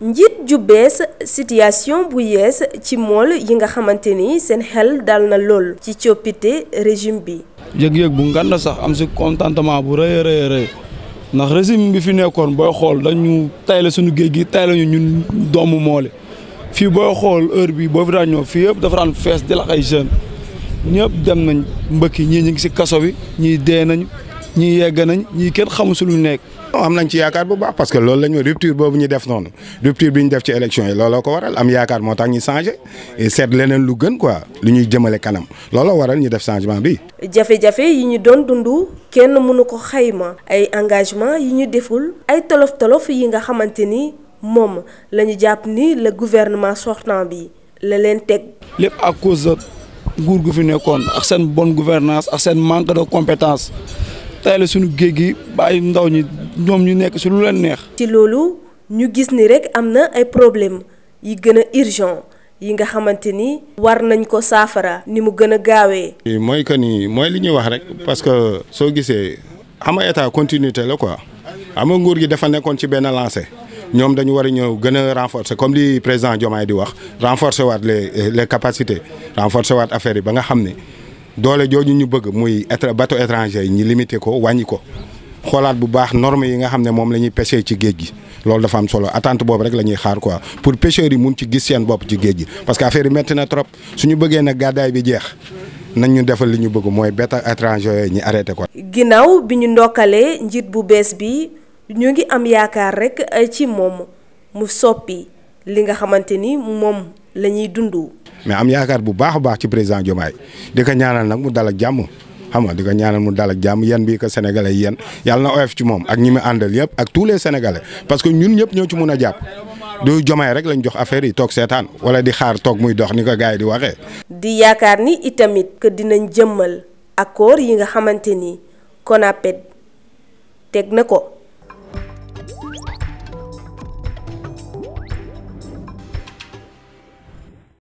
njiit ju bees situation bu yees ci mool yi nga xamante ni seen xel dal na lool ci coppite régime bi. yëg-yëg bu nganda sax am si contentement bu rëy rëy rëy ndax régime bi fi nekkoon booy xool dañu tayle suñu géej gi tayle ñu ñun doomu moole fii booy xool heure bi boo fi daan ñëw fii yëpp dafa fees di la ay jeunes ñëpp dem nañ mbëkki ñii ñu ngi ci kaso bi ñii dee nañu ñii yegg nañ ñii kenn xamu si lu ñu nekk. am nañ ci yaakaar bu baax parce que loolu la ñu rupture boobu ñu def noonu rupture bi ñu def ci élection yi looloo ko waral am yaakaar moo tax ñu changé seet leneen lu gën quoi lu ñuy jëmale kanam looloo waral ñu def changement bi. jafe-jafe yi ñu doon dund kenn mënu ko xayma. ay engagement yi ñu deful ay tolof-tolof yi nga xamante ni moom la ñu jàpp ni la gouvernement sortant bi la leen teg. lépp ak cause de nguur gu fi nekkoon ak seen bonne gouvernance seen manque de compétence. tayale suñu géej gi bàyyi ndaw ñi ñoom ñu nekk si lu leen neex. ci loolu ñu gis ni rek am na ay problème yi gën a urgent yi nga xamante ni. war nañ ko saafara. ni mu gën a gaawee. mooy que ni mooy li ñuy wax rek parce que soo gisee xam a état continuité la quoi xam nga nguur gi dafa nekkoon ci benn lancé. ñoom dañu war a ñëw gën a renforcer comme li président Diomaye di wax renforcer waat les capacité capacités waat affaire yi ba nga xam ni doole jooju ñu bëgg muy bateau étranger yi ñu limité ko wàññi ko xoolaat bu baax normes yi nga xam ne moom la ñuy pêcher ci géej gi loolu dafa am solo attente boobu rek la ñuy xaar quoi pour pêcheurs yi mun ci gis seen bopp ci géej gi parce que affaire yi métti na trop suñu bëggee nag gàddaay bi jeex nañ ñu defal li ñu bëgg mooy bateau étranger yooyu ñu arrêté ko. ginnaaw bi ñu ndokkalee njiit bu bees bi ñu ngi am yaakaar rek ay ci moom mu soppi li nga xamante ni moom la ñuy dund. mais am yaakaar bu baax a baax ci président Diomaye di ko ñaanal nag mu dal ak jàmm xam nga di ko ñaanal mu dal ak jàmm yan bii ko sénégalais yi yan yàlla na oyof ci moom ak ñi mu àndal yëpp ak tous les sénégalais parce que ñun ñëpp ñoo ci mun a jàpp du Diomaye rek lañ jox affaire yi toog seetaan wala di xaar toog muy dox ni ko gars di waxee. di yaakaar ni itamit que dinañ ak accord yi nga xamante ni CONAPED teg na ko.